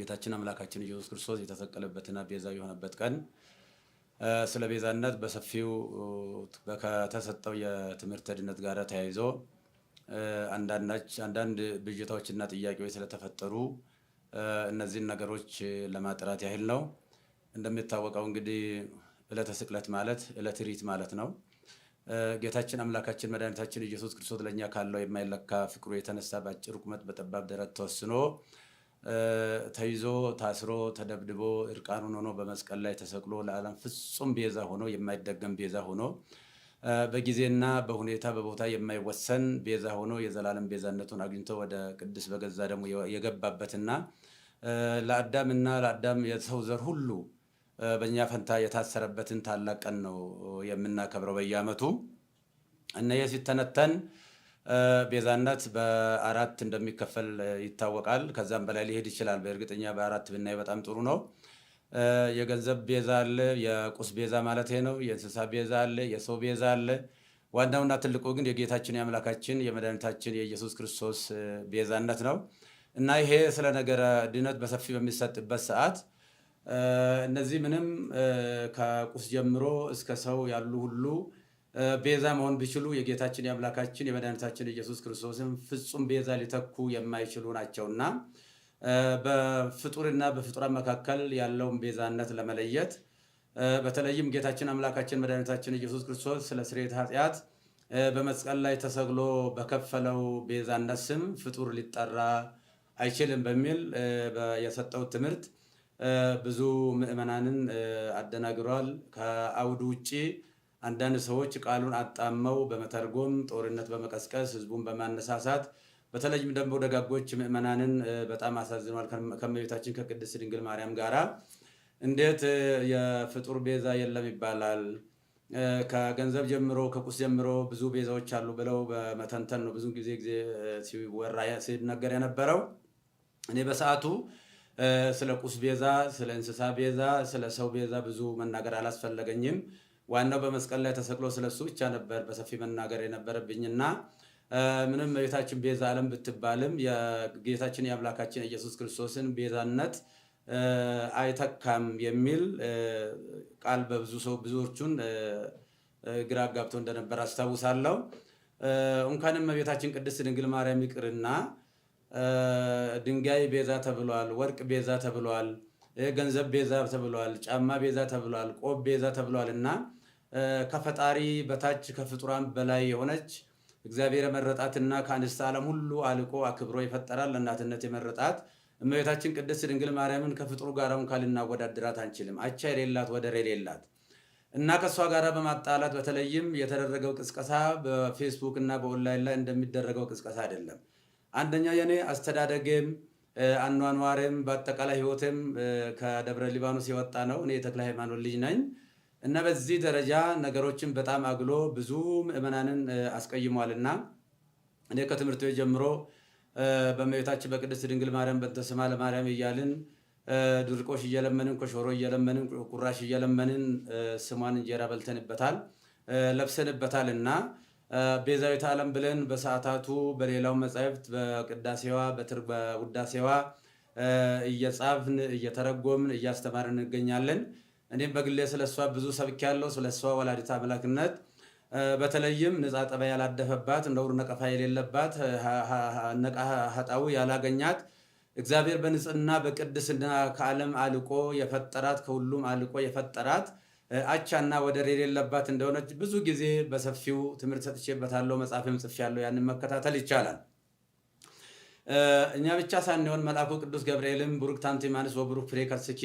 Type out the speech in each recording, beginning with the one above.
ጌታችን አምላካችን ኢየሱስ ክርስቶስ የተሰቀለበትና ቤዛ የሆነበት ቀን ስለ ቤዛነት በሰፊው ከተሰጠው የትምህርት ድነት ጋር ተያይዞ አንዳንድ ብዥታዎችና ጥያቄዎች ስለተፈጠሩ እነዚህን ነገሮች ለማጥራት ያህል ነው። እንደሚታወቀው እንግዲህ ዕለተ ስቅለት ማለት ዕለተ ማለት ነው። ጌታችን አምላካችን መድኃኒታችን ኢየሱስ ክርስቶስ ለእኛ ካለው የማይለካ ፍቅሩ የተነሳ በአጭር ቁመት በጠባብ ደረት ተወስኖ ተይዞ ታስሮ ተደብድቦ እርቃኑን ሆኖ በመስቀል ላይ ተሰቅሎ ለዓለም ፍጹም ቤዛ ሆኖ የማይደገም ቤዛ ሆኖ በጊዜና በሁኔታ በቦታ የማይወሰን ቤዛ ሆኖ የዘላለም ቤዛነቱን አግኝቶ ወደ ቅድስ በገዛ ደግሞ የገባበትና ለአዳምና ለአዳም የሰው ዘር ሁሉ በእኛ ፈንታ የታሰረበትን ታላቅ ቀን ነው የምናከብረው በየዓመቱ እና ይህ ሲተነተን ቤዛነት በአራት እንደሚከፈል ይታወቃል። ከዛም በላይ ሊሄድ ይችላል። በእርግጠኛ በአራት ብናይ በጣም ጥሩ ነው። የገንዘብ ቤዛ አለ፣ የቁስ ቤዛ ማለት ነው። የእንስሳ ቤዛ አለ፣ የሰው ቤዛ አለ። ዋናውና ትልቁ ግን የጌታችን የአምላካችን የመድኃኒታችን የኢየሱስ ክርስቶስ ቤዛነት ነው እና ይሄ ስለ ነገረ ድነት በሰፊ በሚሰጥበት ሰዓት እነዚህ ምንም ከቁስ ጀምሮ እስከ ሰው ያሉ ሁሉ ቤዛ መሆን ቢችሉ የጌታችን የአምላካችን የመድኃኒታችን ኢየሱስ ክርስቶስን ፍጹም ቤዛ ሊተኩ የማይችሉ ናቸውና በፍጡርና በፍጡራን መካከል ያለውን ቤዛነት ለመለየት በተለይም ጌታችን አምላካችን መድኃኒታችን ኢየሱስ ክርስቶስ ስለ ስርየት ኃጢአት በመስቀል ላይ ተሰቅሎ በከፈለው ቤዛነት ስም ፍጡር ሊጠራ አይችልም በሚል የሰጠው ትምህርት ብዙ ምዕመናንን አደናግሯል። ከአውዱ ውጭ አንዳንድ ሰዎች ቃሉን አጣመው በመተርጎም ጦርነት በመቀስቀስ ህዝቡን በማነሳሳት በተለይም ደግሞ ደጋጎች ምዕመናንን በጣም አሳዝኗል። ከመቤታችን ከቅድስት ድንግል ማርያም ጋራ እንዴት የፍጡር ቤዛ የለም ይባላል? ከገንዘብ ጀምሮ ከቁስ ጀምሮ ብዙ ቤዛዎች አሉ ብለው በመተንተን ነው ብዙ ጊዜ ጊዜ ሲወራ ሲነገር የነበረው። እኔ በሰዓቱ ስለ ቁስ ቤዛ፣ ስለ እንስሳ ቤዛ፣ ስለ ሰው ቤዛ ብዙ መናገር አላስፈለገኝም። ዋናው በመስቀል ላይ ተሰቅሎ ስለሱ ብቻ ነበር በሰፊ መናገር እና ምንም ቤታችን ቤዛ ዓለም ብትባልም የጌታችን የአምላካችን ኢየሱስ ክርስቶስን ቤዛነት አይተካም የሚል ቃል በብዙ ሰው ብዙዎቹን ግራ አጋብቶ እንደነበር አስታውሳለሁ። እንኳንም እመቤታችን ቅድስት ድንግል ማርያም ይቅርና ድንጋይ ቤዛ ተብሏል፣ ወርቅ ቤዛ ተብሏል። ገንዘብ ቤዛ ተብሏል፣ ጫማ ቤዛ ተብሏል፣ ቆብ ቤዛ ተብሏል እና ከፈጣሪ በታች ከፍጡራን በላይ የሆነች እግዚአብሔር የመረጣትና ከአንስተ ዓለም ሁሉ አልቆ አክብሮ ይፈጠራል ለእናትነት የመረጣት እመቤታችን ቅድስት ድንግል ማርያምን ከፍጥሩ ጋር ካልናወዳድራት አንችልም። አቻ የሌላት ወደር የሌላት እና ከእሷ ጋር በማጣላት በተለይም የተደረገው ቅስቀሳ በፌስቡክ እና በኦንላይን ላይ እንደሚደረገው ቅስቀሳ አይደለም። አንደኛ የኔ አስተዳደጌም አኗኗሬም በአጠቃላይ ህይወቴም ከደብረ ሊባኖስ የወጣ ነው። እኔ የተክለ ሃይማኖት ልጅ ነኝ እና በዚህ ደረጃ ነገሮችን በጣም አግሎ ብዙ ምዕመናንን አስቀይሟልና እኔ ከትምህርት ቤት ጀምሮ በመቤታችን በቅድስት ድንግል ማርያም በእንተ ስማ ለማርያም እያልን ድርቆሽ እየለመንን ኮሾሮ እየለመንን ቁራሽ እየለመንን ስሟን እንጀራ በልተንበታል ለብሰንበታል እና ቤዛዊት ዓለም ብለን በሰዓታቱ በሌላው መጻሕፍት በቅዳሴዋ በውዳሴዋ እየጻፍን እየተረጎምን እያስተማርን እንገኛለን። እኔም በግሌ ስለሷ ብዙ ሰብኬያለሁ። ስለሷ ወላዲት አምላክነት በተለይም ንጻ ጠባይ ያላደፈባት ነውር ነቀፋ የሌለባት ሀጣዊ ያላገኛት እግዚአብሔር በንጽህና በቅድስና ከዓለም አልቆ የፈጠራት ከሁሉም አልቆ የፈጠራት አቻና ወደር የሌለባት እንደሆነች ብዙ ጊዜ በሰፊው ትምህርት ሰጥቼበታለሁ። መጽሐፍም ጽፌያለሁ። ያንን መከታተል ይቻላል። እኛ ብቻ ሳንሆን መልአኩ ቅዱስ ገብርኤልም ቡሩክ ታንቲ ማንስ ወቡሩክ ፍሬ ከርስኪ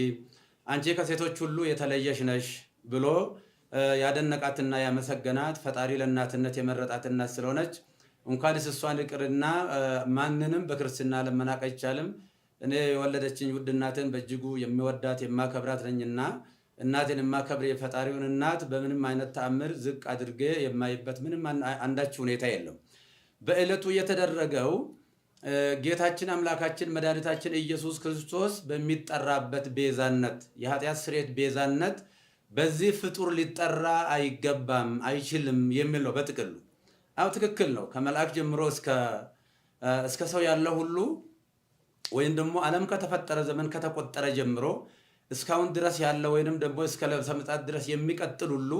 አንቺ ከሴቶች ሁሉ የተለየሽ ነሽ ብሎ ያደነቃትና ያመሰገናት ፈጣሪ ለእናትነት የመረጣት እናት ስለሆነች እንኳንስ እሷን ይቅርና ማንንም በክርስትና ለመናቅ አይቻልም። እኔ የወለደችኝ ውድ እናትን በእጅጉ የሚወዳት የማከብራት ነኝና እናቴን የማከብር የፈጣሪውን እናት በምንም አይነት ተአምር ዝቅ አድርጌ የማይበት ምንም አንዳች ሁኔታ የለም። በዕለቱ የተደረገው ጌታችን አምላካችን መድኃኒታችን ኢየሱስ ክርስቶስ በሚጠራበት ቤዛነት የኃጢአት ስርየት ቤዛነት በዚህ ፍጡር ሊጠራ አይገባም አይችልም የሚል ነው በጥቅሉ። አዎ ትክክል ነው። ከመልአክ ጀምሮ እስከ ሰው ያለ ሁሉ ወይም ደግሞ ዓለም ከተፈጠረ ዘመን ከተቆጠረ ጀምሮ እስካሁን ድረስ ያለ ወይንም ደግሞ እስከ ለብሰ ምጽአት ድረስ የሚቀጥል ሁሉ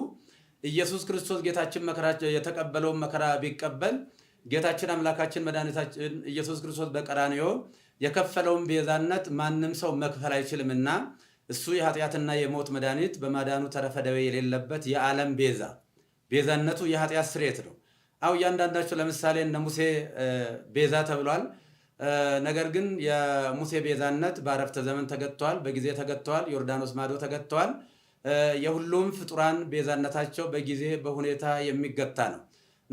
ኢየሱስ ክርስቶስ ጌታችን መከራ የተቀበለውን መከራ ቢቀበል ጌታችን አምላካችን መድኃኒታችን ኢየሱስ ክርስቶስ በቀራንዮ የከፈለውን ቤዛነት ማንም ሰው መክፈል አይችልምና እሱ የኃጢአትና የሞት መድኃኒት በማዳኑ ተረፈ የሌለበት የዓለም ቤዛ ቤዛነቱ የኃጢአት ስርየት ነው። አው እያንዳንዳቸው ለምሳሌ እነ ሙሴ ቤዛ ተብሏል። ነገር ግን የሙሴ ቤዛነት በአረፍተ ዘመን ተገጥተዋል፣ በጊዜ ተገጥተዋል፣ ዮርዳኖስ ማዶ ተገጥተዋል። የሁሉም ፍጡራን ቤዛነታቸው በጊዜ በሁኔታ የሚገታ ነው።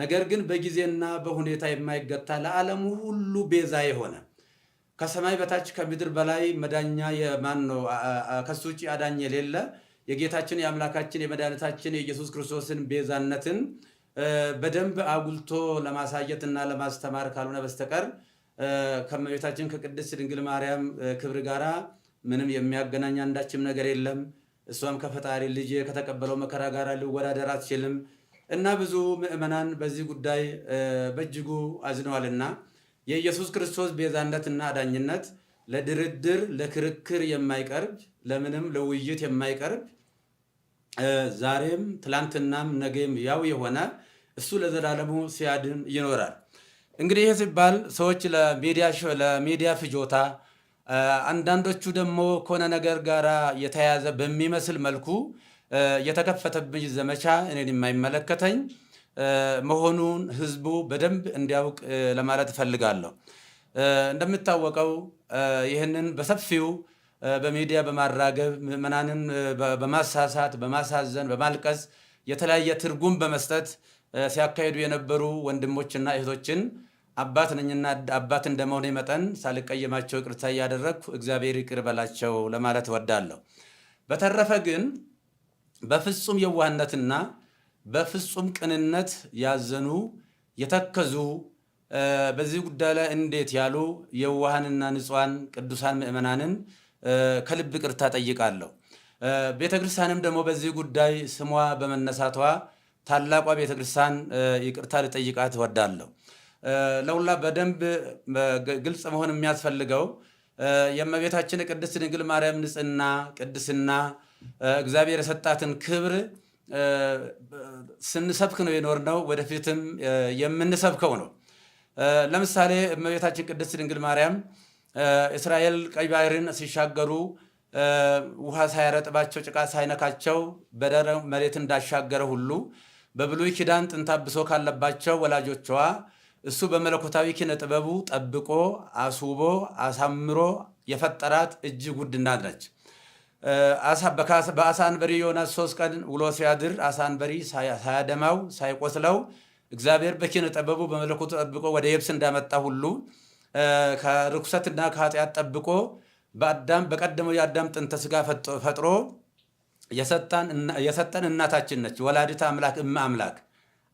ነገር ግን በጊዜና በሁኔታ የማይገታ ለዓለሙ ሁሉ ቤዛ የሆነ ከሰማይ በታች ከምድር በላይ መዳኛ የማን ነው? ከሱ ውጭ አዳኝ የሌለ የጌታችን የአምላካችን የመድኃኒታችን የኢየሱስ ክርስቶስን ቤዛነትን በደንብ አጉልቶ ለማሳየት እና ለማስተማር ካልሆነ በስተቀር ከእመቤታችን ከቅድስት ድንግል ማርያም ክብር ጋራ ምንም የሚያገናኝ አንዳችም ነገር የለም። እሷም ከፈጣሪ ልጅ ከተቀበለው መከራ ጋር ልወዳደር አትችልም እና ብዙ ምዕመናን በዚህ ጉዳይ በእጅጉ አዝነዋልና የኢየሱስ ክርስቶስ ቤዛነትና አዳኝነት ለድርድር ለክርክር የማይቀርብ ለምንም ለውይይት የማይቀርብ ዛሬም ትላንትናም ነገም ያው የሆነ እሱ ለዘላለሙ ሲያድን ይኖራል። እንግዲህ ይህ ሲባል ሰዎች ለሚዲያ ፍጆታ አንዳንዶቹ ደግሞ ከሆነ ነገር ጋር የተያያዘ በሚመስል መልኩ የተከፈተብኝ ዘመቻ እኔን የማይመለከተኝ መሆኑን ህዝቡ በደንብ እንዲያውቅ ለማለት እፈልጋለሁ። እንደሚታወቀው ይህንን በሰፊው በሚዲያ በማራገብ ምዕመናንን በማሳሳት፣ በማሳዘን፣ በማልቀስ የተለያየ ትርጉም በመስጠት ሲያካሂዱ የነበሩ ወንድሞችና እህቶችን አባት ነኝና አባት እንደመሆኔ መጠን ሳልቀየማቸው ይቅርታ እያደረግኩ እግዚአብሔር ይቅር በላቸው ለማለት እወዳለሁ። በተረፈ ግን በፍጹም የዋህነትና በፍጹም ቅንነት ያዘኑ የተከዙ በዚህ ጉዳይ ላይ እንዴት ያሉ የዋሃንና ንጹሐን ቅዱሳን ምእመናንን ከልብ ቅርታ ጠይቃለሁ። ቤተክርስቲያንም ደግሞ በዚህ ጉዳይ ስሟ በመነሳቷ ታላቋ ቤተክርስቲያን ይቅርታ ልጠይቃት እወዳለሁ። ለሁላ በደንብ ግልጽ መሆን የሚያስፈልገው የእመቤታችን ቅድስት ድንግል ማርያም ንጽህና ቅድስና እግዚአብሔር የሰጣትን ክብር ስንሰብክ ነው የኖርነው፣ ወደፊትም የምንሰብከው ነው። ለምሳሌ እመቤታችን ቅድስት ድንግል ማርያም እስራኤል ቀይ ባህርን ሲሻገሩ ውሃ ሳያረጥባቸው ጭቃ ሳይነካቸው በደረ መሬት እንዳሻገረ ሁሉ በብሉይ ኪዳን ጥንተ አብሶ ካለባቸው ወላጆቿ እሱ በመለኮታዊ ኪነ ጥበቡ ጠብቆ አስውቦ አሳምሮ የፈጠራት እጅግ ውድ እናት ነች። በአሳ አንበሪ ዮናስ ሶስት ቀን ውሎ ሲያድር አሳ አንበሪ ሳያደማው ሳይቆስለው እግዚአብሔር በኪነ ጥበቡ በመለኮቱ ጠብቆ ወደ የብስ እንዳመጣ ሁሉ ከርኩሰትና ከኃጢአት ጠብቆ በአዳም በቀደመው የአዳም ጥንተ ስጋ ፈጥሮ የሰጠን እናታችን ነች። ወላዲተ አምላክ እመ አምላክ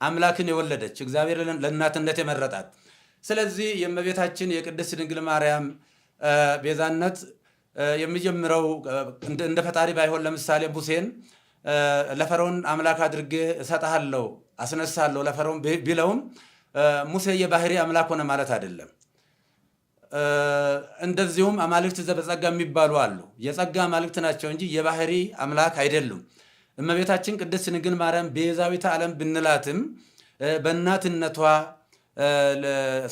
አምላክን የወለደች እግዚአብሔር ለእናትነት የመረጣት። ስለዚህ የእመቤታችን የቅድስት ድንግል ማርያም ቤዛነት የሚጀምረው እንደ ፈጣሪ ባይሆን ለምሳሌ ሙሴን ለፈርዖን አምላክ አድርጌ እሰጥሃለሁ አስነሳለሁ ለፈርዖን ቢለውም ሙሴ የባህሪ አምላክ ሆነ ማለት አይደለም። እንደዚሁም አማልክት ዘበጸጋ የሚባሉ አሉ። የጸጋ አማልክት ናቸው እንጂ የባህሪ አምላክ አይደሉም። እመቤታችን ቅድስት ድንግል ማርያም ቤዛዊተ ዓለም ብንላትም በእናትነቷ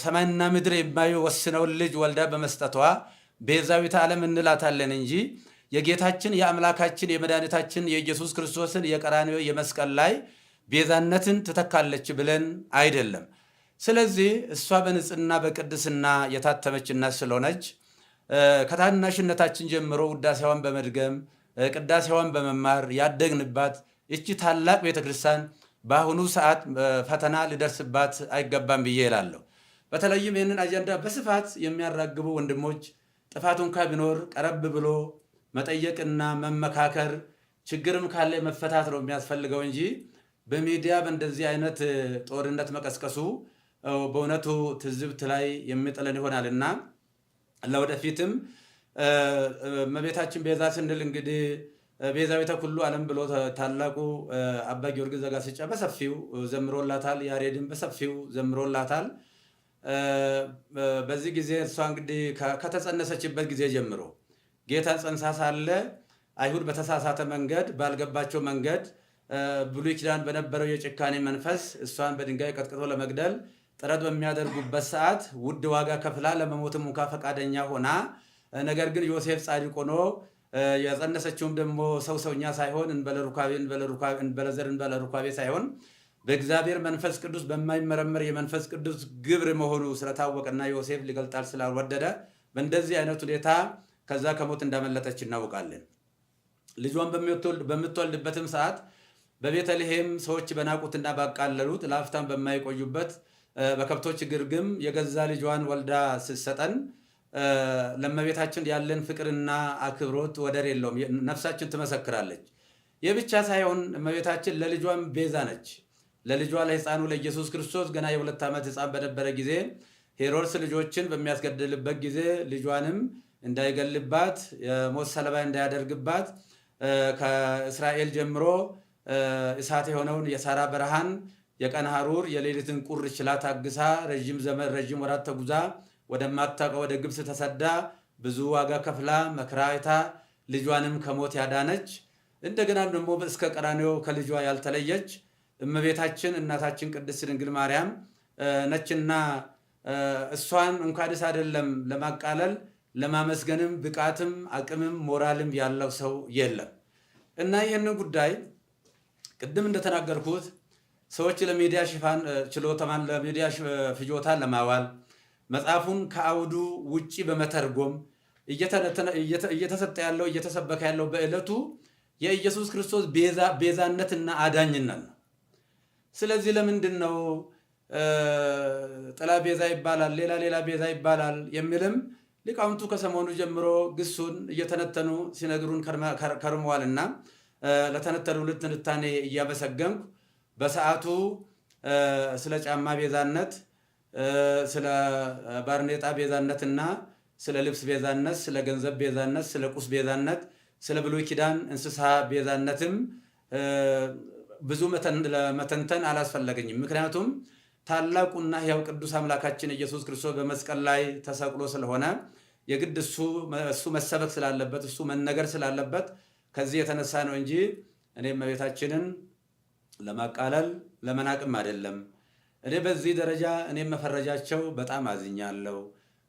ሰማይና ምድር የማይወስነውን ልጅ ወልዳ በመስጠቷ ቤዛዊተ ዓለም እንላታለን እንጂ የጌታችን የአምላካችን የመድኃኒታችን የኢየሱስ ክርስቶስን የቀራንዮ የመስቀል ላይ ቤዛነትን ትተካለች ብለን አይደለም። ስለዚህ እሷ በንጽህና በቅድስና የታተመችና ስለሆነች ከታናሽነታችን ጀምሮ ውዳሴዋን በመድገም ቅዳሴዋን በመማር ያደግንባት እቺ ታላቅ ቤተክርስቲያን በአሁኑ ሰዓት ፈተና ሊደርስባት አይገባም ብዬ እላለሁ። በተለይም ይህንን አጀንዳ በስፋት የሚያራግቡ ወንድሞች ጥፋቱ እንኳ ቢኖር ቀረብ ብሎ መጠየቅና መመካከር፣ ችግርም ካለ መፈታት ነው የሚያስፈልገው እንጂ በሚዲያ በእንደዚህ አይነት ጦርነት መቀስቀሱ በእውነቱ ትዝብት ላይ የሚጥለን ይሆናል እና ለወደፊትም እመቤታችን ቤዛ ስንል እንግዲህ ቤዛዊተ ኩሉ ዓለም ብሎ ታላቁ አባ ጊዮርጊስ ዘጋስጫ በሰፊው ዘምሮላታል። ያሬድን በሰፊው ዘምሮላታል። በዚህ ጊዜ እሷ እንግዲህ ከተጸነሰችበት ጊዜ ጀምሮ ጌታ ጸንሳ ሳለ አይሁድ በተሳሳተ መንገድ ባልገባቸው መንገድ ብሉይ ኪዳን በነበረው የጭካኔ መንፈስ እሷን በድንጋይ ቀጥቅጦ ለመግደል ጥረት በሚያደርጉበት ሰዓት ውድ ዋጋ ከፍላ ለመሞትም እንኳ ፈቃደኛ ሆና ነገር ግን ዮሴፍ ጻድቅ ሆኖ የጸነሰችውም ደግሞ ሰው ሰውኛ ሳይሆን እንበለዘር እንበለሩካቤ ሳይሆን በእግዚአብሔር መንፈስ ቅዱስ በማይመረመር የመንፈስ ቅዱስ ግብር መሆኑ ስለታወቀና ዮሴፍ ሊገልጣል ስላልወደደ በእንደዚህ አይነት ሁኔታ ከዛ ከሞት እንዳመለጠች እናውቃለን። ልጇን በምትወልድበትም ሰዓት በቤተልሔም ሰዎች በናቁትና ባቃለሉት ላፍታም በማይቆዩበት በከብቶች ግርግም የገዛ ልጇን ወልዳ ስትሰጠን ለእመቤታችን ያለን ፍቅርና አክብሮት ወደር የለውም። ነፍሳችን ትመሰክራለች። ይህ ብቻ ሳይሆን እመቤታችን ለልጇም ቤዛ ነች። ለልጇ ለሕፃኑ ለኢየሱስ ክርስቶስ ገና የሁለት ዓመት ሕፃን በነበረ ጊዜ ሄሮድስ ልጆችን በሚያስገድልበት ጊዜ ልጇንም እንዳይገልባት የሞት ሰለባ እንዳያደርግባት ከእስራኤል ጀምሮ እሳት የሆነውን የሳራ በረሃን የቀን ሐሩር የሌሊትን ቁር ችላ ታግሳ ረዥም ዘመን ረዥም ወራት ተጉዛ ወደማታውቀው ወደ ግብፅ ተሰዳ ብዙ ዋጋ ከፍላ መከራይታ ልጇንም ከሞት ያዳነች እንደገና ደግሞ እስከ ቀራንዮ ከልጇ ያልተለየች እመቤታችን እናታችን ቅድስት ድንግል ማርያም ነችና እሷን እንኳንስ አይደለም ለማቃለል ለማመስገንም ብቃትም አቅምም ሞራልም ያለው ሰው የለም። እና ይህንን ጉዳይ ቅድም እንደተናገርኩት ሰዎች ለሚዲያ ሽፋን ችሎታማን ለሚዲያ ፍጆታ ለማዋል መጽሐፉን ከአውዱ ውጭ በመተርጎም እየተሰጠ ያለው እየተሰበከ ያለው በዕለቱ የኢየሱስ ክርስቶስ ቤዛነትና አዳኝነት ነው። ስለዚህ ለምንድን ነው ጥላ ቤዛ ይባላል፣ ሌላ ሌላ ቤዛ ይባላል የሚልም ሊቃውንቱ ከሰሞኑ ጀምሮ ግሱን እየተነተኑ ሲነግሩን ከርመዋልና ለተነተኑ ልትንታኔ እያመሰገንኩ በሰዓቱ ስለ ጫማ ቤዛነት ስለ ባርኔጣ ቤዛነትና ስለ ልብስ ቤዛነት፣ ስለ ገንዘብ ቤዛነት፣ ስለ ቁስ ቤዛነት፣ ስለ ብሉይ ኪዳን እንስሳ ቤዛነትም ብዙ መተንተን አላስፈለገኝም። ምክንያቱም ታላቁና ያው ቅዱስ አምላካችን ኢየሱስ ክርስቶስ በመስቀል ላይ ተሰቅሎ ስለሆነ የግድ እሱ መሰበክ ስላለበት እሱ መነገር ስላለበት ከዚህ የተነሳ ነው እንጂ እኔም እመቤታችንን ለማቃለል ለመናቅም አይደለም። እኔ በዚህ ደረጃ እኔም መፈረጃቸው በጣም አዝኛለሁ።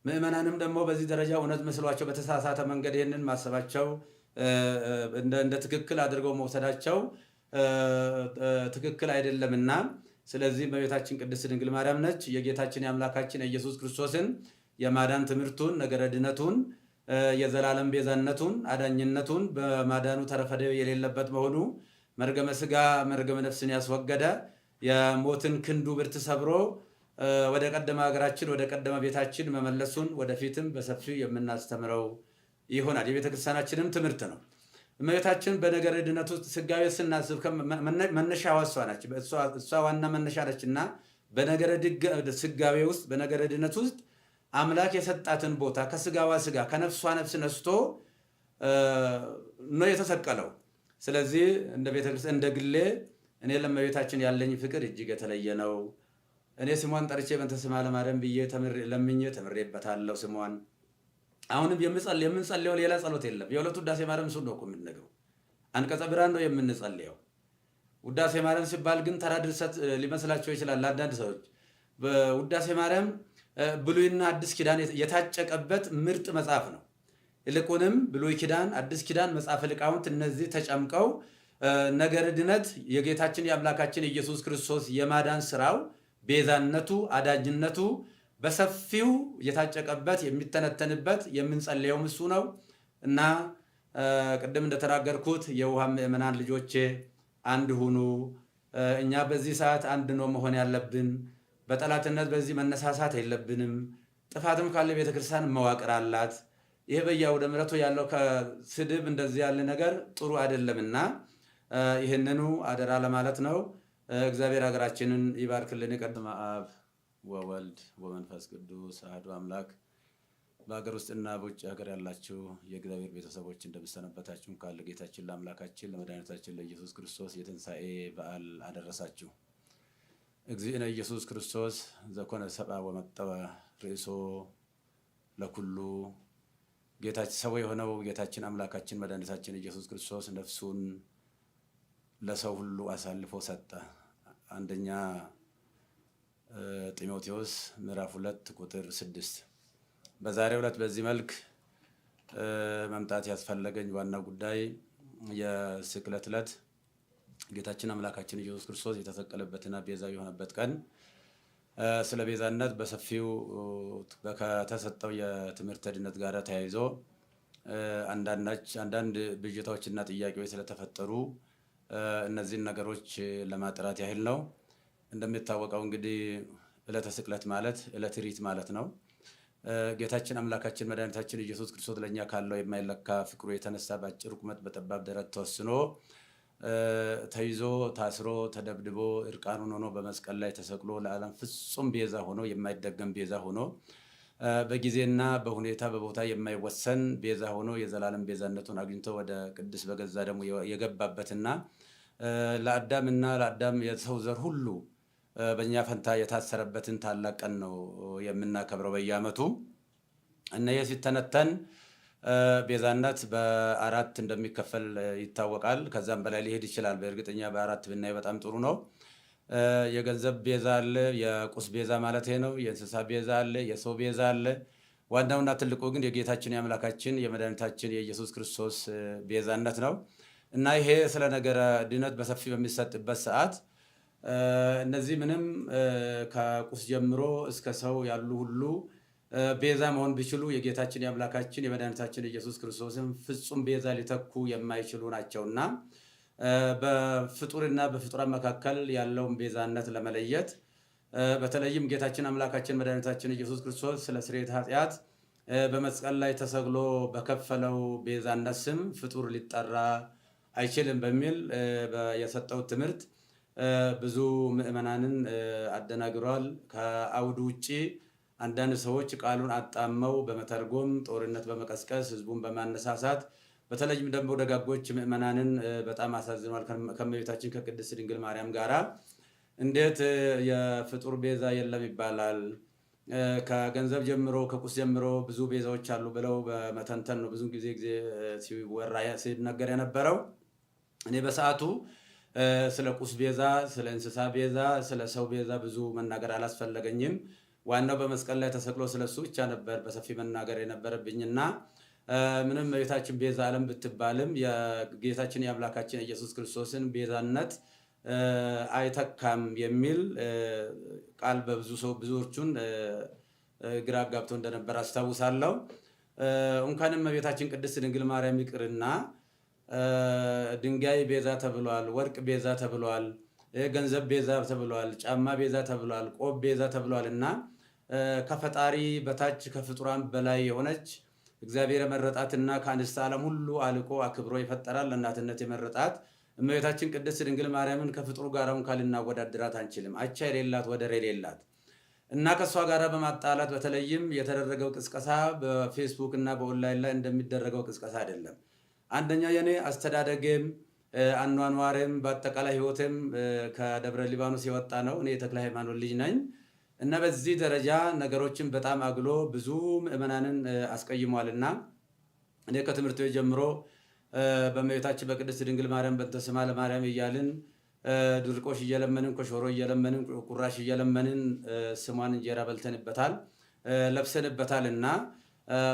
ምእመናንም ደግሞ በዚህ ደረጃ እውነት መስሏቸው በተሳሳተ መንገድ ይህንን ማሰባቸው እንደ ትክክል አድርገው መውሰዳቸው ትክክል አይደለምና ስለዚህም በቤታችን ቅድስት ድንግል ማርያም ነች የጌታችን የአምላካችን የኢየሱስ ክርስቶስን የማዳን ትምህርቱን ነገረድነቱን የዘላለም ቤዛነቱን አዳኝነቱን በማዳኑ ተረፈደ የሌለበት መሆኑ መርገመ ስጋ መርገመ ነፍስን ያስወገደ የሞትን ክንዱ ብርት ሰብሮ ወደ ቀደመ ሀገራችን ወደ ቀደመ ቤታችን መመለሱን ወደፊትም በሰፊው የምናስተምረው ይሆናል። የቤተክርስቲያናችንም ትምህርት ነው። እመቤታችን በነገረ ድነት ውስጥ ስናስብ መነሻ ዋሷ ናች። እሷ ዋና መነሻ ነች እና በነገረ ስጋዊ ውስጥ በነገረ ድነት ውስጥ አምላክ የሰጣትን ቦታ ከስጋዋ ስጋ ከነፍሷ ነፍስ ነስቶ ነው የተሰቀለው። ስለዚህ እንደ ቤተክርስቲያን እንደ ግሌ እኔ ለመቤታችን ያለኝ ፍቅር እጅግ የተለየ ነው። እኔ ስሟን ጠርቼ በእንተ ስማ ብዬ ለምኜ ተምሬበታለሁ። ስሟን አሁንም የምንጸልየው ሌላ ጸሎት የለም። የሁለቱ ውዳሴ ማርያም እሱ ነው እኮ የምንነግረው፣ አንቀጸ ብርሃን ነው የምንጸልየው። ውዳሴ ማርያም ሲባል ግን ተራ ድርሰት ሊመስላቸው ይችላል አንዳንድ ሰዎች። ውዳሴ ማርያም ብሉይና አዲስ ኪዳን የታጨቀበት ምርጥ መጽሐፍ ነው። ይልቁንም ብሉይ ኪዳን፣ አዲስ ኪዳን፣ መጽሐፈ ሊቃውንት እነዚህ ተጨምቀው ነገር ድነት የጌታችን የአምላካችን የኢየሱስ ክርስቶስ የማዳን ስራው ቤዛነቱ፣ አዳጅነቱ በሰፊው የታጨቀበት የሚተነተንበት የምንጸለየውም እሱ ነው እና ቅድም እንደተናገርኩት የውሃ ምዕመናን ልጆቼ አንድ ሁኑ። እኛ በዚህ ሰዓት አንድ ነው መሆን ያለብን። በጠላትነት በዚህ መነሳሳት የለብንም። ጥፋትም ካለ ቤተክርስቲያን መዋቅር አላት። ይሄ በየአውደ ምሕረቱ ያለው ከስድብ እንደዚህ ያለ ነገር ጥሩ አይደለምና ይህንኑ አደራ ለማለት ነው። እግዚአብሔር ሀገራችንን ይባርክልን። ይቀድም አብ ወወልድ ወመንፈስ ቅዱስ አህዱ አምላክ። በሀገር ውስጥና በውጭ ሀገር ያላችሁ የእግዚአብሔር ቤተሰቦች እንደምሰነበታችሁ፣ ካለ ጌታችን ለአምላካችን ለመድኃኒታችን ለኢየሱስ ክርስቶስ የትንሣኤ በዓል አደረሳችሁ። እግዚእነ ኢየሱስ ክርስቶስ ዘኮነ ሰብአ ወመጠወ ርእሶ ለኩሉ ጌታችን ሰው የሆነው ጌታችን አምላካችን መድኃኒታችን ኢየሱስ ክርስቶስ ነፍሱን ለሰው ሁሉ አሳልፎ ሰጠ። አንደኛ ጢሞቴዎስ ምዕራፍ ሁለት ቁጥር ስድስት በዛሬ ዕለት በዚህ መልክ መምጣት ያስፈለገኝ ዋና ጉዳይ የስቅለት ዕለት ጌታችን አምላካችን ኢየሱስ ክርስቶስ የተሰቀለበትና ቤዛ የሆነበት ቀን ስለ ቤዛነት በሰፊው ከተሰጠው የትምህርት ድነት ጋር ተያይዞ አንዳንድ ብዥታዎችና ጥያቄዎች ስለተፈጠሩ እነዚህን ነገሮች ለማጥራት ያህል ነው። እንደሚታወቀው እንግዲህ ዕለተ ስቅለት ማለት ዕለተ ማለት ነው። ጌታችን አምላካችን መድኃኒታችን ኢየሱስ ክርስቶስ ለእኛ ካለው የማይለካ ፍቅሩ የተነሳ በአጭር ቁመት በጠባብ ደረት ተወስኖ ተይዞ ታስሮ ተደብድቦ እርቃኑን ሆኖ በመስቀል ላይ ተሰቅሎ ለዓለም ፍጹም ቤዛ ሆኖ የማይደገም ቤዛ ሆኖ በጊዜና በሁኔታ በቦታ የማይወሰን ቤዛ ሆኖ የዘላለም ቤዛነቱን አግኝቶ ወደ ቅድስ በገዛ ደግሞ የገባበትና ለአዳምና ለአዳም የሰው ዘር ሁሉ በእኛ ፈንታ የታሰረበትን ታላቅ ቀን ነው የምናከብረው በየዓመቱ እና ይህ ሲተነተን ቤዛነት በአራት እንደሚከፈል ይታወቃል። ከዛም በላይ ሊሄድ ይችላል። በእርግጠኛ በአራት ብናይ በጣም ጥሩ ነው። የገንዘብ ቤዛ አለ፣ የቁስ ቤዛ ማለት ነው። የእንስሳ ቤዛ አለ፣ የሰው ቤዛ አለ። ዋናውና ትልቁ ግን የጌታችን የአምላካችን የመድኃኒታችን የኢየሱስ ክርስቶስ ቤዛነት ነው እና ይሄ ስለ ነገረ ድነት በሰፊ በሚሰጥበት ሰዓት እነዚህ ምንም ከቁስ ጀምሮ እስከ ሰው ያሉ ሁሉ ቤዛ መሆን ቢችሉ የጌታችን የአምላካችን የመድኃኒታችን ኢየሱስ ክርስቶስን ፍጹም ቤዛ ሊተኩ የማይችሉ ናቸውና በፍጡርና በፍጡራን መካከል ያለውን ቤዛነት ለመለየት በተለይም ጌታችን አምላካችን መድኃኒታችን ኢየሱስ ክርስቶስ ስለ ስርየት ኃጢአት በመስቀል ላይ ተሰቅሎ በከፈለው ቤዛነት ስም ፍጡር ሊጠራ አይችልም በሚል የሰጠው ትምህርት ብዙ ምዕመናንን አደናግሯል። ከአውዱ ውጭ አንዳንድ ሰዎች ቃሉን አጣመው በመተርጎም ጦርነት በመቀስቀስ ህዝቡን በማነሳሳት በተለይም ደግሞ ደጋጎች ምዕመናንን በጣም አሳዝኗል። ከመቤታችን ከቅድስት ድንግል ማርያም ጋራ እንዴት የፍጡር ቤዛ የለም ይባላል? ከገንዘብ ጀምሮ ከቁስ ጀምሮ ብዙ ቤዛዎች አሉ ብለው በመተንተን ነው ብዙ ጊዜ ጊዜ ሲወራ ሲነገር የነበረው። እኔ በሰዓቱ ስለ ቁስ ቤዛ፣ ስለ እንስሳ ቤዛ፣ ስለ ሰው ቤዛ ብዙ መናገር አላስፈለገኝም። ዋናው በመስቀል ላይ ተሰቅሎ ስለሱ ብቻ ነበር በሰፊ መናገር የነበረብኝና ምንም እመቤታችን ቤዛ ዓለም ብትባልም የጌታችን የአምላካችን ኢየሱስ ክርስቶስን ቤዛነት አይተካም የሚል ቃል በብዙ ሰው ብዙዎቹን ግራ አጋብቶ እንደነበር አስታውሳለሁ። እንኳንም እመቤታችን ቅድስት ድንግል ማርያም ይቅርና ድንጋይ ቤዛ ተብሏል፣ ወርቅ ቤዛ ተብሏል፣ ገንዘብ ቤዛ ተብሏል፣ ጫማ ቤዛ ተብሏል፣ ቆብ ቤዛ ተብሏል እና ከፈጣሪ በታች ከፍጡራን በላይ የሆነች እግዚአብሔር የመረጣትና ከአንስተ ዓለም ሁሉ አልቆ አክብሮ ይፈጠራል። ለእናትነት የመረጣት እመቤታችን ቅድስት ድንግል ማርያምን ከፍጥሩ ጋራውን ካልናወዳድራት አንችልም። አቻ የሌላት ወደር የሌላት እና ከእሷ ጋር በማጣላት በተለይም የተደረገው ቅስቀሳ በፌስቡክ እና በኦንላይን ላይ እንደሚደረገው ቅስቀሳ አይደለም። አንደኛ የኔ አስተዳደጌም አኗኗሬም በአጠቃላይ ህይወቴም ከደብረ ሊባኖስ የወጣ ነው። እኔ የተክለ ሃይማኖት ልጅ ነኝ። እና በዚህ ደረጃ ነገሮችን በጣም አግሎ ብዙ ምዕመናንን አስቀይሟልና እኔ ከትምህርት ቤት ጀምሮ በመቤታችን በቅድስት ድንግል ማርያም በእንተ ስማ ለማርያም እያልን ድርቆሽ እየለመንን ኮሾሮ እየለመንን ቁራሽ እየለመንን ስሟን እንጀራ በልተንበታል ለብሰንበታል እና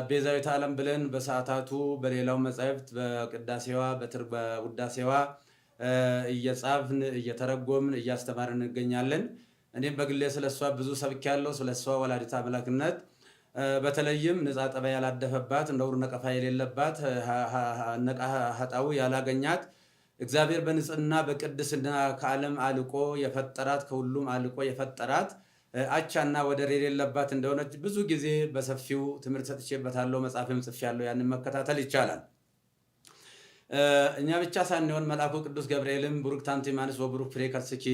ቤዛዊት ዓለም ብለን በሰዓታቱ በሌላው መጻሕፍት በቅዳሴዋ በውዳሴዋ እየጻፍን እየተረጎምን እያስተማርን እንገኛለን። እኔም በግሌ ስለሷ ብዙ ሰብኬያለሁ። ስለሷ ወላዲተ አምላክነት በተለይም ንጻ ጠባይ ያላደፈባት ነውር ነቀፋ የሌለባት ኃጣዊ ያላገኛት እግዚአብሔር በንጽህና በቅድስና ከዓለም አልቆ የፈጠራት ከሁሉም አልቆ የፈጠራት አቻና ወደር የሌለባት እንደሆነች ብዙ ጊዜ በሰፊው ትምህርት ሰጥቼበታለሁ። መጽሐፍም ጽፌያለሁ። ያንን መከታተል ይቻላል። እኛ ብቻ ሳንሆን መልአኩ ቅዱስ ገብርኤልም ቡሩክ አንቲ እማንስ ወቡሩክ ፍሬ ከርስኪ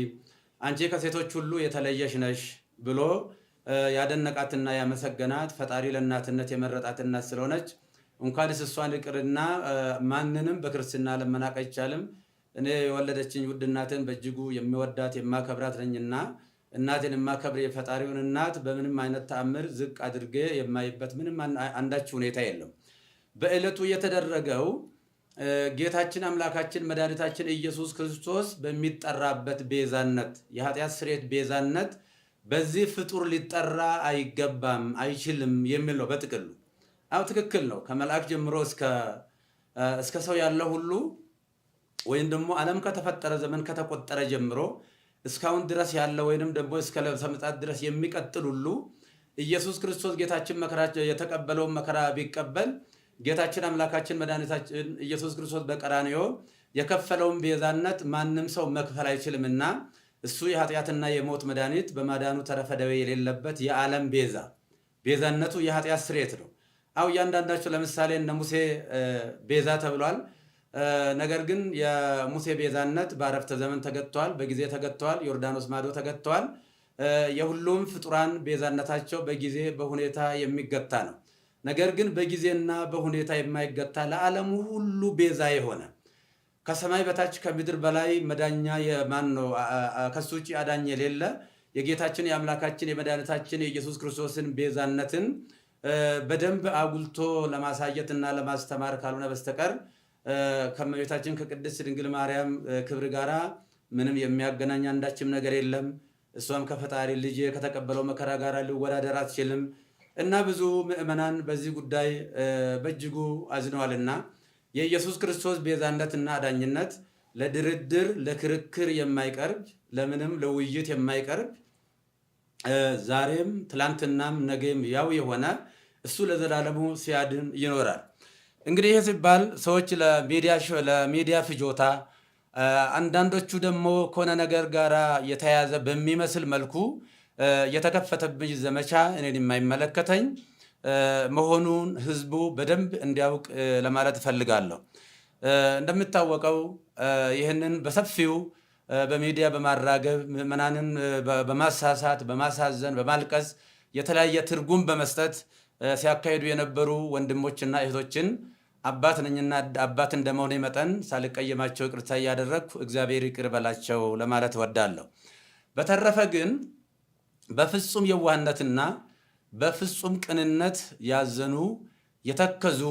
አንቺ ከሴቶች ሁሉ የተለየሽ ነሽ ብሎ ያደነቃትና ያመሰገናት ፈጣሪ ለእናትነት የመረጣት እናት ስለሆነች እንኳንስ እሷን ይቅርና ማንንም በክርስትና ለመናቅ አይቻልም። እኔ የወለደችኝ ውድ እናትን በእጅጉ የሚወዳት የማከብራት ነኝና እናቴን የማከብር የፈጣሪውን እናት በምንም አይነት ተአምር ዝቅ አድርጌ የማይበት ምንም አንዳች ሁኔታ የለም። በዕለቱ የተደረገው ጌታችን አምላካችን መድኃኒታችን ኢየሱስ ክርስቶስ በሚጠራበት ቤዛነት የኃጢአት ስርየት ቤዛነት በዚህ ፍጡር ሊጠራ አይገባም አይችልም የሚል ነው በጥቅሉ። አዎ ትክክል ነው። ከመልአክ ጀምሮ እስከ ሰው ያለ ሁሉ ወይም ደግሞ ዓለም ከተፈጠረ ዘመን ከተቆጠረ ጀምሮ እስካሁን ድረስ ያለ ወይንም ደግሞ እስከ ለብሰ ምጽአት ድረስ የሚቀጥል ሁሉ ኢየሱስ ክርስቶስ ጌታችን የተቀበለውን መከራ ቢቀበል ጌታችን አምላካችን መድኃኒታችን ኢየሱስ ክርስቶስ በቀራንዮ የከፈለውን ቤዛነት ማንም ሰው መክፈል አይችልምና እሱ የኃጢአትና የሞት መድኃኒት በማዳኑ ተረፈደዌ የሌለበት የዓለም ቤዛ ቤዛነቱ የኃጢአት ስሬት ነው። አው እያንዳንዳቸው ለምሳሌ እነ ሙሴ ቤዛ ተብሏል። ነገር ግን የሙሴ ቤዛነት በአረፍተ ዘመን ተገጥተዋል፣ በጊዜ ተገጥተዋል፣ ዮርዳኖስ ማዶ ተገጥተዋል። የሁሉም ፍጡራን ቤዛነታቸው በጊዜ በሁኔታ የሚገታ ነው። ነገር ግን በጊዜና በሁኔታ የማይገታ ለዓለሙ ሁሉ ቤዛ የሆነ ከሰማይ በታች ከምድር በላይ መዳኛ የማን ነው? ከሱ ውጭ አዳኝ የሌለ የጌታችን የአምላካችን የመድኃኒታችን የኢየሱስ ክርስቶስን ቤዛነትን በደንብ አጉልቶ ለማሳየት እና ለማስተማር ካልሆነ በስተቀር ከመቤታችን ከቅድስት ድንግል ማርያም ክብር ጋራ ምንም የሚያገናኝ አንዳችም ነገር የለም። እሷም ከፈጣሪ ልጅ ከተቀበለው መከራ ጋር ሊወዳደር አትችልም። እና ብዙ ምዕመናን በዚህ ጉዳይ በእጅጉ አዝነዋልና የኢየሱስ ክርስቶስ ቤዛነትና አዳኝነት ለድርድር ለክርክር የማይቀርብ ለምንም ለውይይት የማይቀርብ ዛሬም ትላንትናም ነገም ያው የሆነ እሱ ለዘላለሙ ሲያድን ይኖራል። እንግዲህ ይህ ሲባል ሰዎች ለሚዲያ ፍጆታ አንዳንዶቹ ደግሞ ከሆነ ነገር ጋር የተያያዘ በሚመስል መልኩ የተከፈተብኝ ዘመቻ እኔን የማይመለከተኝ መሆኑን ህዝቡ በደንብ እንዲያውቅ ለማለት እፈልጋለሁ። እንደሚታወቀው ይህንን በሰፊው በሚዲያ በማራገብ ምዕመናንን በማሳሳት በማሳዘን በማልቀስ የተለያየ ትርጉም በመስጠት ሲያካሂዱ የነበሩ ወንድሞችና እህቶችን አባት ነኝና አባት እንደመሆኔ መጠን ሳልቀየማቸው ይቅርታ እያደረግኩ እግዚአብሔር ይቅር በላቸው ለማለት እወዳለሁ። በተረፈ ግን በፍጹም የዋህነትና በፍጹም ቅንነት ያዘኑ የተከዙ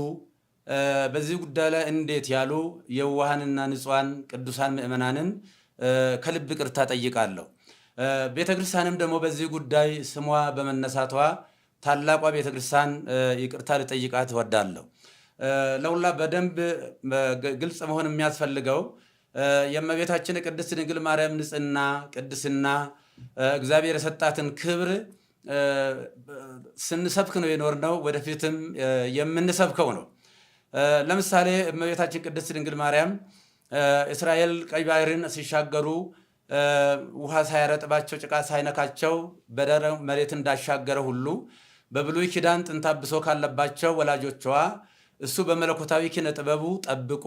በዚህ ጉዳይ ላይ እንዴት ያሉ የዋሃንና ንጹሐን ቅዱሳን ምእመናንን ከልብ ቅርታ ጠይቃለሁ። ቤተክርስቲያንም ደግሞ በዚህ ጉዳይ ስሟ በመነሳቷ ታላቋ ቤተክርስቲያን ይቅርታ ልጠይቃት እወዳለሁ። ለሁላ በደንብ ግልጽ መሆን የሚያስፈልገው የእመቤታችን ቅድስት ድንግል ማርያም ንጽህና ቅድስና እግዚአብሔር የሰጣትን ክብር ስንሰብክ ነው የኖርነው፣ ወደፊትም የምንሰብከው ነው። ለምሳሌ እመቤታችን ቅድስት ድንግል ማርያም እስራኤል ቀይ ባህርን ሲሻገሩ ውሃ ሳያረጥባቸው ጭቃ ሳይነካቸው በደረ መሬት እንዳሻገረ ሁሉ በብሉይ ኪዳን ጥንታብሶ ካለባቸው ወላጆቿ እሱ በመለኮታዊ ኪነ ጥበቡ ጠብቆ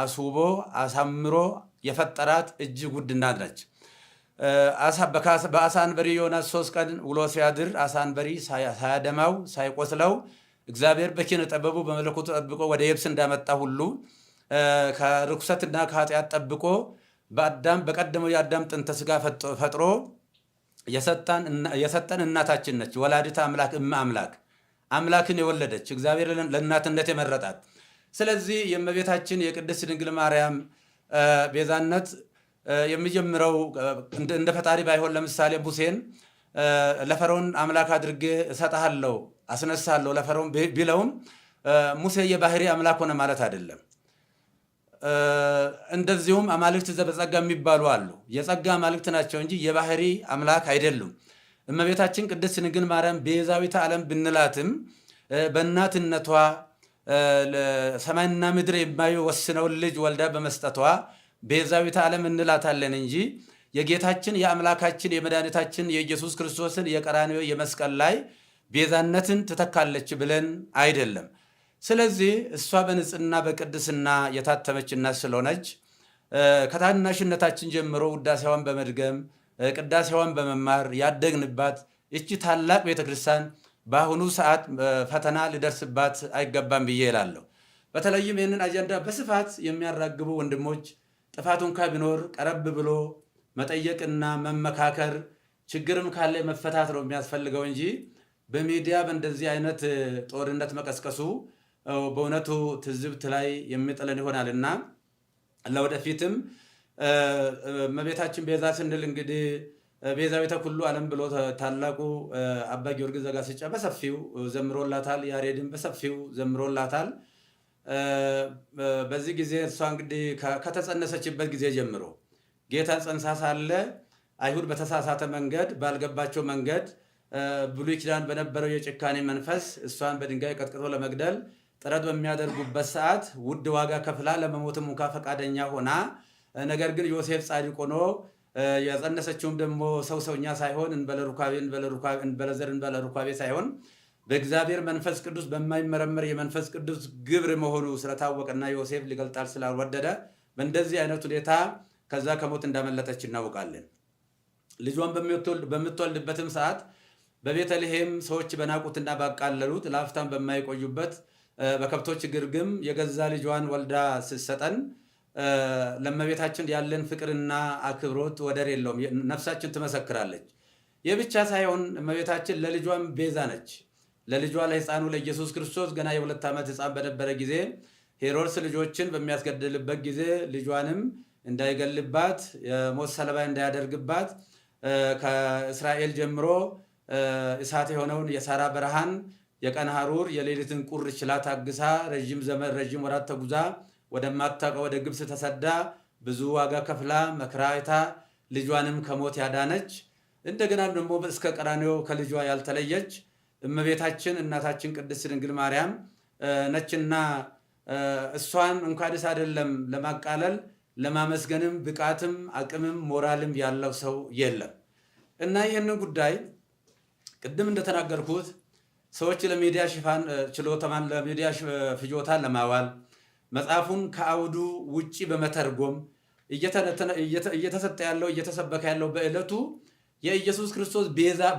አስውቦ አሳምሮ የፈጠራት እጅግ ውድ እናት ነች። በአሳንበሪ የሆነ ሶስት ቀን ውሎ ሲያድር አሳንበሪ ሳያደማው ሳይቆስለው እግዚአብሔር በኪነ ጠበቡ በመለኮቱ ጠብቆ ወደ የብስ እንዳመጣ ሁሉ ከርኩሰትና ከኃጢአት ጠብቆ በአዳም በቀደመው የአዳም ጥንተ ስጋ ፈጥሮ የሰጠን እናታችን ነች። ወላዲት አምላክ እመ አምላክ አምላክን የወለደች እግዚአብሔር ለእናትነት የመረጣት። ስለዚህ የእመቤታችን የቅድስት ድንግል ማርያም ቤዛነት የሚጀምረው እንደ ፈጣሪ ባይሆን ለምሳሌ ሙሴን ለፈርዖን አምላክ አድርጌ እሰጥሃለሁ፣ አስነሳለሁ ለፈርዖን ቢለውም ሙሴ የባህሪ አምላክ ሆነ ማለት አይደለም። እንደዚሁም አማልክት ዘበጸጋ የሚባሉ አሉ። የጸጋ አማልክት ናቸው እንጂ የባህሪ አምላክ አይደሉም። እመቤታችን ቅድስት ድንግል ማርያም ቤዛዊተ ዓለም ብንላትም በእናትነቷ ሰማይና ምድር የማይወስነውን ልጅ ወልዳ በመስጠቷ ቤዛዊት ዓለም እንላታለን እንጂ የጌታችን የአምላካችን የመድኃኒታችን የኢየሱስ ክርስቶስን የቀራንዮ የመስቀል ላይ ቤዛነትን ትተካለች ብለን አይደለም። ስለዚህ እሷ በንጽህና በቅድስና የታተመችና ስለሆነች ከታናሽነታችን ጀምሮ ውዳሴዋን በመድገም ቅዳሴዋን በመማር ያደግንባት እቺ ታላቅ ቤተክርስቲያን በአሁኑ ሰዓት ፈተና ሊደርስባት አይገባም ብዬ እላለሁ። በተለይም ይህንን አጀንዳ በስፋት የሚያራግቡ ወንድሞች ጥፋቱ እንኳ ቢኖር ቀረብ ብሎ መጠየቅና መመካከር፣ ችግርም ካለ መፈታት ነው የሚያስፈልገው እንጂ በሚዲያ በእንደዚህ አይነት ጦርነት መቀስቀሱ በእውነቱ ትዝብት ላይ የሚጥለን ይሆናል እና ለወደፊትም እመቤታችን ቤዛ ስንል እንግዲህ ቤዛዊተ ኩሉ ዓለም ብሎ ታላቁ አባ ጊዮርጊስ ዘጋስጫ በሰፊው ዘምሮላታል። ያሬድን በሰፊው ዘምሮላታል። በዚህ ጊዜ እሷ እንግዲህ ከተጸነሰችበት ጊዜ ጀምሮ ጌታ ጸንሳ ሳለ አይሁድ በተሳሳተ መንገድ ባልገባቸው መንገድ ብሉይ ኪዳን በነበረው የጭካኔ መንፈስ እሷን በድንጋይ ቀጥቅጦ ለመግደል ጥረት በሚያደርጉበት ሰዓት ውድ ዋጋ ከፍላ ለመሞትም እንኳ ፈቃደኛ ሆና፣ ነገር ግን ዮሴፍ ጻድቅ ሆኖ የጸነሰችውም ደግሞ ሰው ሰውኛ ሳይሆን እንበለ ሩካቤ እንበለ ዘር እንበለ ሩካቤ ሳይሆን በእግዚአብሔር መንፈስ ቅዱስ በማይመረመር የመንፈስ ቅዱስ ግብር መሆኑ ስለታወቀና ዮሴፍ ሊገልጣል ስላልወደደ በእንደዚህ አይነት ሁኔታ ከዛ ከሞት እንዳመለጠች እናውቃለን። ልጇን በምትወልድበትም ሰዓት በቤተልሔም ሰዎች በናቁትና ባቃለሉት ላፍታም በማይቆዩበት በከብቶች ግርግም የገዛ ልጇን ወልዳ ስትሰጠን ለእመቤታችን ያለን ፍቅርና አክብሮት ወደር የለውም። ነፍሳችን ትመሰክራለች። ይህ ብቻ ሳይሆን እመቤታችን ለልጇም ቤዛ ነች። ለልጇ ለሕፃኑ ለኢየሱስ ክርስቶስ ገና የሁለት ዓመት ሕፃን በነበረ ጊዜ ሄሮድስ ልጆችን በሚያስገድልበት ጊዜ ልጇንም እንዳይገልባት የሞት ሰለባ እንዳያደርግባት ከእስራኤል ጀምሮ እሳት የሆነውን የሳራ በረሃን የቀን ሐሩር የሌሊትን ቁር ችላ ታግሳ ረዥም ዘመን ረዥም ወራት ተጉዛ ወደማታውቀው ወደ ግብፅ ተሰዳ ብዙ ዋጋ ከፍላ መከራ አይታ ልጇንም ከሞት ያዳነች እንደገና ደግሞ እስከ ቀራንዮ ከልጇ ያልተለየች እመቤታችን እናታችን ቅድስት ድንግል ማርያም ነችና እሷን እንኳንስ አይደለም ለማቃለል ለማመስገንም ብቃትም አቅምም ሞራልም ያለው ሰው የለም እና ይህንን ጉዳይ ቅድም እንደተናገርኩት ሰዎች ለሚዲያ ሽፋን ችሎተማን ለሚዲያ ፍጆታ ለማዋል መጽሐፉን ከአውዱ ውጪ በመተርጎም እየተሰጠ ያለው እየተሰበከ ያለው በዕለቱ የኢየሱስ ክርስቶስ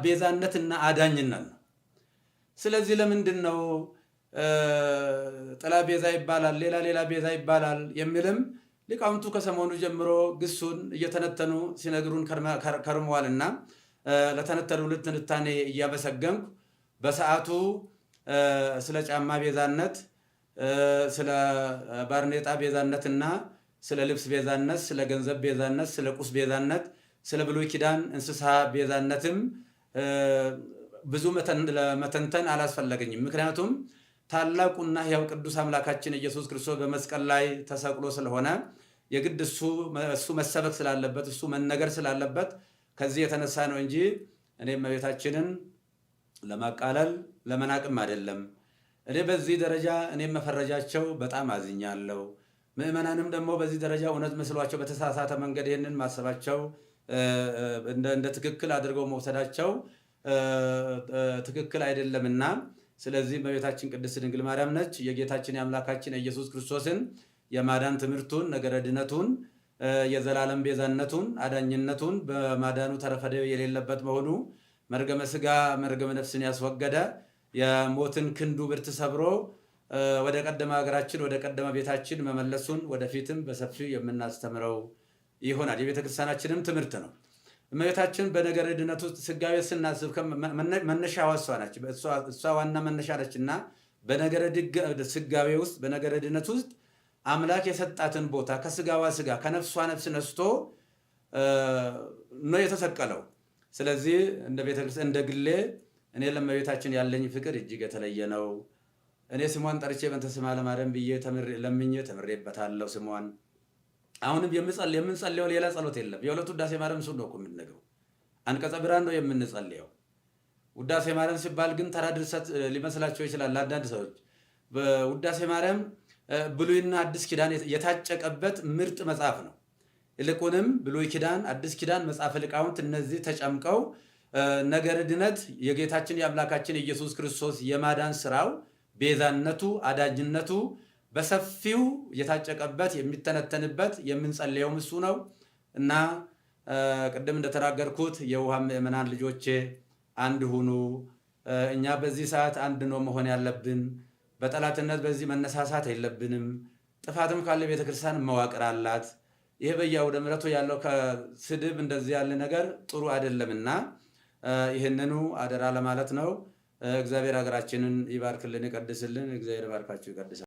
ቤዛነትና አዳኝነት ነው። ስለዚህ ለምንድን ነው ጥላ ቤዛ ይባላል፣ ሌላ ሌላ ቤዛ ይባላል የሚልም ሊቃውንቱ ከሰሞኑ ጀምሮ ግሱን እየተነተኑ ሲነግሩን ከርመዋልና ለተነተኑ ልትንታኔ እያመሰገንኩ በሰዓቱ ስለ ጫማ ቤዛነት፣ ስለ ባርኔጣ ቤዛነትና ስለ ልብስ ቤዛነት፣ ስለ ገንዘብ ቤዛነት፣ ስለ ቁስ ቤዛነት፣ ስለ ብሉይ ኪዳን እንስሳ ቤዛነትም ብዙ መተንተን አላስፈለገኝም። ምክንያቱም ታላቁና ያው ቅዱስ አምላካችን ኢየሱስ ክርስቶስ በመስቀል ላይ ተሰቅሎ ስለሆነ የግድ እሱ መሰበክ ስላለበት እሱ መነገር ስላለበት ከዚህ የተነሳ ነው እንጂ እኔም እመቤታችንን ለማቃለል ለመናቅም አይደለም። እኔ በዚህ ደረጃ እኔ መፈረጃቸው በጣም አዝኛለሁ። ምእመናንም ደግሞ በዚህ ደረጃ እውነት መስሏቸው በተሳሳተ መንገድ ይህንን ማሰባቸው እንደ ትክክል አድርገው መውሰዳቸው ትክክል አይደለምና ስለዚህ በቤታችን ቅድስት ድንግል ማርያም ነች የጌታችን የአምላካችን የኢየሱስ ክርስቶስን የማዳን ትምህርቱን ነገረድነቱን የዘላለም ቤዛነቱን አዳኝነቱን በማዳኑ ተረፈደ የሌለበት መሆኑ መርገመ ስጋ መርገመ ነፍስን ያስወገደ የሞትን ክንዱ ብርት ሰብሮ ወደ ቀደመ ሀገራችን ወደ ቀደመ ቤታችን መመለሱን ወደፊትም በሰፊው የምናስተምረው ይሆናል። የቤተክርስቲያናችንም ትምህርት ነው። እመቤታችን በነገረ ድነት ውስጥ ስጋቤ ስናስብ መነሻ እሷ ናች። እሷ ዋና መነሻ ነች እና በነገረ ስጋዊ ውስጥ በነገረ ድነት ውስጥ አምላክ የሰጣትን ቦታ ከስጋዋ ስጋ ከነፍሷ ነፍስ ነስቶ ነው የተሰቀለው። ስለዚህ እንደ ቤተክርስቲያን እንደ ግሌ እኔ ለእመቤታችን ያለኝ ፍቅር እጅግ የተለየ ነው። እኔ ስሟን ጠርቼ በእንተ ስማ ለማርያም ብዬ ለምኜ ተምሬበታለሁ ስሟን አሁንም የምንጸልየው ሌላ ጸሎት የለም። የሁለቱ ውዳሴ ማርያም እሱን ነው እኮ የምንነግረው። አንቀጸ ብርሃን ነው የምንጸልየው። ውዳሴ ማርያም ሲባል ግን ተራ ድርሰት ሊመስላቸው ይችላል አንዳንድ ሰዎች። ውዳሴ ማርያም ብሉይና አዲስ ኪዳን የታጨቀበት ምርጥ መጽሐፍ ነው። ይልቁንም ብሉይ ኪዳን፣ አዲስ ኪዳን፣ መጽሐፈ ሊቃውንት እነዚህ ተጨምቀው ነገረ ድነት የጌታችን የአምላካችን የኢየሱስ ክርስቶስ የማዳን ስራው ቤዛነቱ፣ አዳጅነቱ በሰፊው የታጨቀበት የሚተነተንበት የምንጸልየውም እሱ ነው እና ቅድም እንደተናገርኩት የውሃ ምዕመናን ልጆቼ አንድ ሁኑ። እኛ በዚህ ሰዓት አንድ ነው መሆን ያለብን። በጠላትነት በዚህ መነሳሳት የለብንም። ጥፋትም ካለ ቤተክርስቲያን መዋቅር አላት። ይሄ በየአውደ ምሕረቱ ያለው ከስድብ እንደዚህ ያለ ነገር ጥሩ አይደለምና ይህንኑ አደራ ለማለት ነው። እግዚአብሔር ሀገራችንን ይባርክልን፣ ይቀድስልን። እግዚአብሔር ባርካችሁ ይቀድሳል።